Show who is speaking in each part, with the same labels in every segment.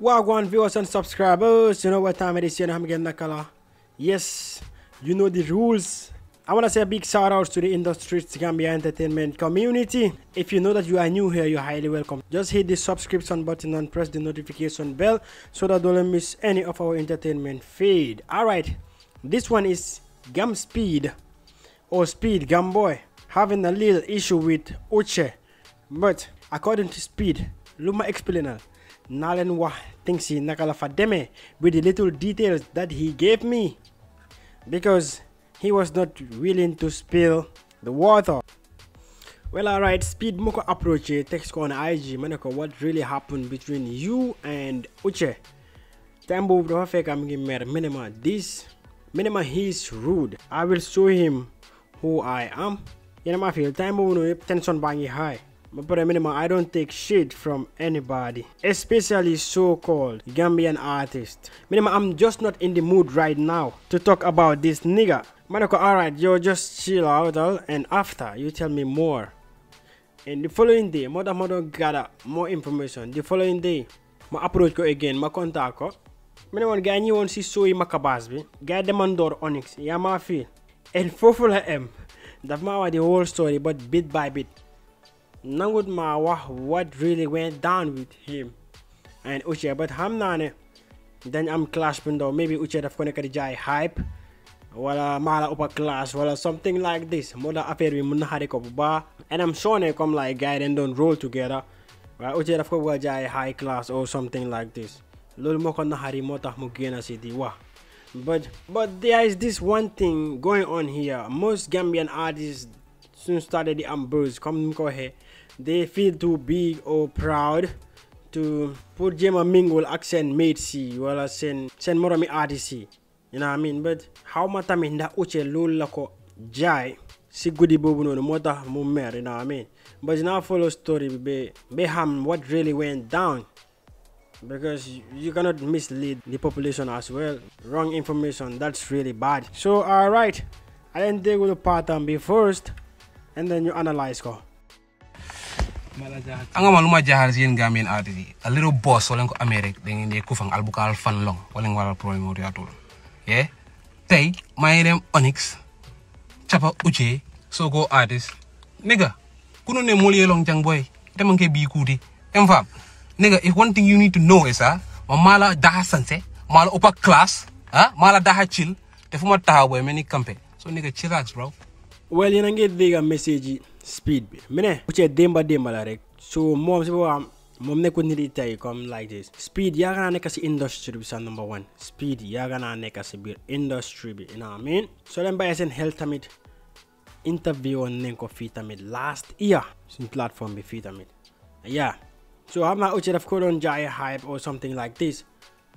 Speaker 1: Wagwan viewers and subscribers, you know what time it is, you know I'm getting the color. Yes, you know the rules. I want to say a big shout out to the industry Gambia entertainment community. If you know that you are new here, you're highly welcome. Just hit the subscription button and press the notification bell so that don't miss any of our entertainment feed. Alright, this one is Gam Speed or Speed Gamboy having a little issue with Uche. But according to Speed, Luma explainer, Nalen Wah thinks he Nakalafademe eh, with the little details that he gave me because he was not willing to spill the water. Well, alright, Speed Moko approach eh, text on IG. Manako, what really happened between you and Uche? Tambo Mer Minima, this Minima, he is rude. I will show him who I am. Yanama feel Tambo no tension bangi high but at minimum i don't take shit from anybody especially so-called gambian artist. minimum i'm just not in the mood right now to talk about this nigga manako alright yo just chill out and after you tell me more and the following day mother mother gather more information the following day ma approach ko again ma contact ko ma ne you want see ñëwoon makabasbi show yi Macabass bi Onyx Yamafi and foofu la that's my maa the whole story but bit by bit nangud ma wah what really went down with him and Uche but ham na ne i am classing though. maybe Uche have ko to di jaay hype wala maa upper class, clash wala something like this Mother affair affaire munahari mun And i ko and am sure ne come like guy, then don't roll together Right? Uche have ko bëgg a high class or something like this Little moo ko harimota, moo tax mu but but there is this one thing going on here most Gambian artists soon started the ambush come go here. they feel too big or proud to put jema mingle accent made si send more of moromi adisi you know what i mean but how matami nda uche that? la ko jai si guddi boobu noonu moo tax you know what I mean but now follow story be beham. what really went down because you cannot mislead the population as well wrong information that's really bad so alright I take with the pattern be first and then you analyze ko anga maluma jahar sin gamin artist a little boss wala ko america then da ngeen de ku fang fan long wala ngeen wala problem mo riatul ye tay my name onyx chapa uche soko artist nigga kuno ne moliye long jang boy temanke bi kuti em fam nigga if one thing you need to know is ah ma mala daha sanse mala class ah mala daha chill te fuma tahaw boy meni kampe so nigga chillax bro well yi a ngi dégg message yi speed bi mu ne ku cee démba démba la rek so moom si boobaa moom nekkul nit yi tey comme like this speed yaaga naa nekk si industry bi sax number one speed yaaga naa nekk si biir industry bi a amin so leen bàyyee seen xel tamit interview woon nañ ko fii tamit last year suñ plateforme bi fii tamit yeah so xam naa Uche daf ko doon jaay hype or something like this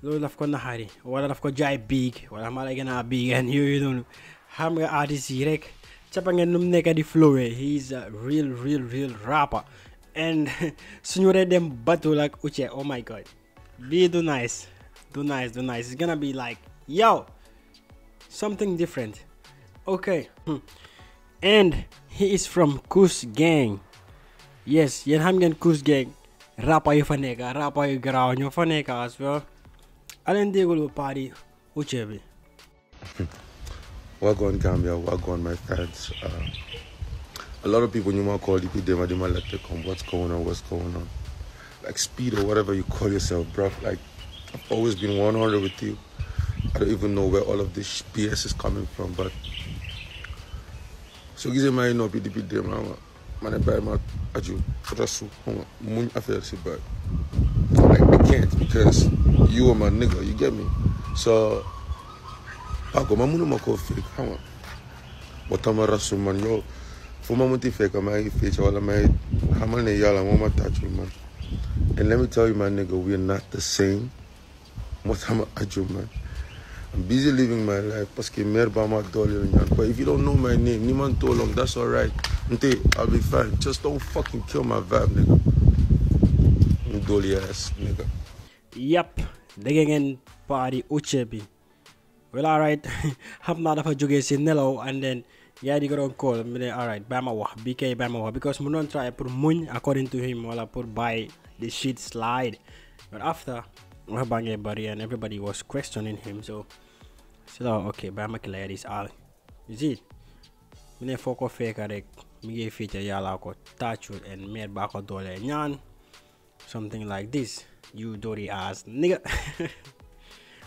Speaker 1: loolu daf ko naxari wala daf ko jaay big wala ma naa la gën a big and yooyu noonu xam nga artiste yi rek cappa ngeen nekk di flow. he is a real real real rapper and suñu waree dem battle ak Uche oh my god be do nice do nice do nice it's gonna be like yo, something different okay hmm. and he is from Kus Gang yes yen xam ngeen Kus Gang rapper yu fa nekk rapper yu garaaw ñoo fa nekk as well aleen déggul bu party Uche bi
Speaker 2: Wagwan Gambia, Wagwan my friends. Uh, a lot of people you might call people Dema Dema like they come, what's going on, what's going on. Like speed or whatever you call yourself, bro. Like I've always been 100 with you. I don't even know where all of this BS is coming from, but so gisee maa ngi noppi depuis deux mois ma ma ne bàyyi ma aju rasu xam nga muñ affaire si bàyyi like I can't because you are my nigga you get me so Paco, ma mako fake hawa. Watama rasu man yo. Fuma muti fake am I fake wala my hamal ne yala mama touch man. And let me tell you my nigga, we are not the same. Watama aju man. I'm busy living my life. Paske nyan. But if you don't know my name, man tolong. that's alright. Nte, I'll be fine. Just don't fucking kill my vibe, nigga. Dolly ass, nigga.
Speaker 1: Yep. Digging party uchebi well all right xam naa dafa jógee si Nello, and then yeah, di ko on call mu ne all right ba ma wax bi kay ba because Munon doon try put money. according to him I put buy the shit slide but after we baa everybody and everybody was questioning him so said, "Oh, ok ba ma clear this all you see mu ne focus. Fake fekka rek mi ngi fiite yàlla ko taacul and meer back ko dollar. Nyan, something like this you dirty ass nigga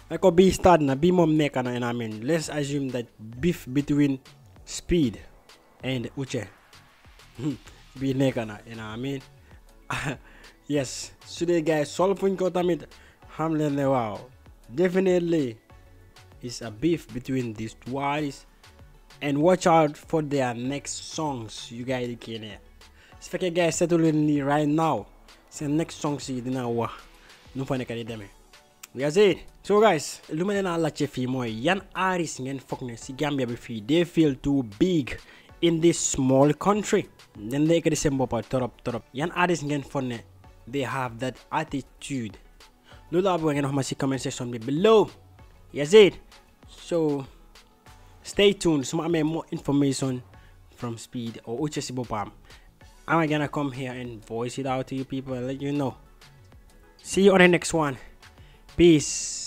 Speaker 1: Like B start na, B mom neka and I mean, let's assume that beef between speed and Uche. Hmm, be neka and I mean, yes, today guys, solving ko tamit, hamlen le wow. Definitely, is a beef between these two artists and watch out for their next songs you guys can hear. Sa you guys, settling right now, sa next song si Dinawa, nung pa na kanilang that's so guys lu ma leen a laajte fii mooy yan artist ngeen foog ne si Gambia bi fii they feel too big in this small country den la ekkati seen boppa torop torop yan artist ngeen foog ne they have that attitude loolu laa bëgg ngeen wax ma si comment section bi below that's so stay tuned su ma amee more information from Speed or Uche si boppam I'm gonna come here and voice it out to you people and let you know see you on the next one Peace.